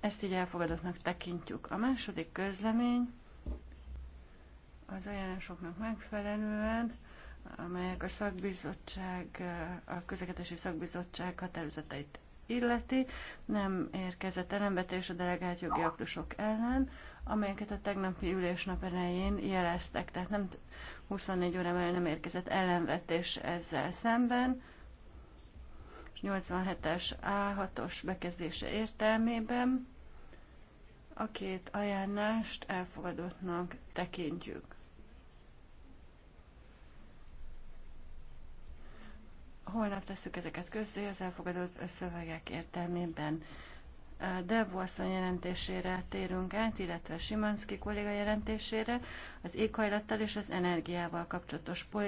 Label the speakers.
Speaker 1: Ezt így elfogadottnak tekintjük. A második közlemény az ajánlásoknak megfelelően, amelyek a szakbizottság, a közlekedési szakbizottság határozatait illeti, nem érkezett elembetés a delegált jogi aktusok ellen, amelyeket a tegnapi ülésnap elején jeleztek, tehát nem 24 óra nem érkezett ellenvetés ezzel szemben. 87-es A6-os bekezdése értelmében a két ajánlást elfogadottnak tekintjük. Holnap tesszük ezeket közzé az elfogadott szövegek értelmében. Devolszony jelentésére térünk át, illetve Simanski kolléga jelentésére az éghajlattal és az energiával kapcsolatos politikai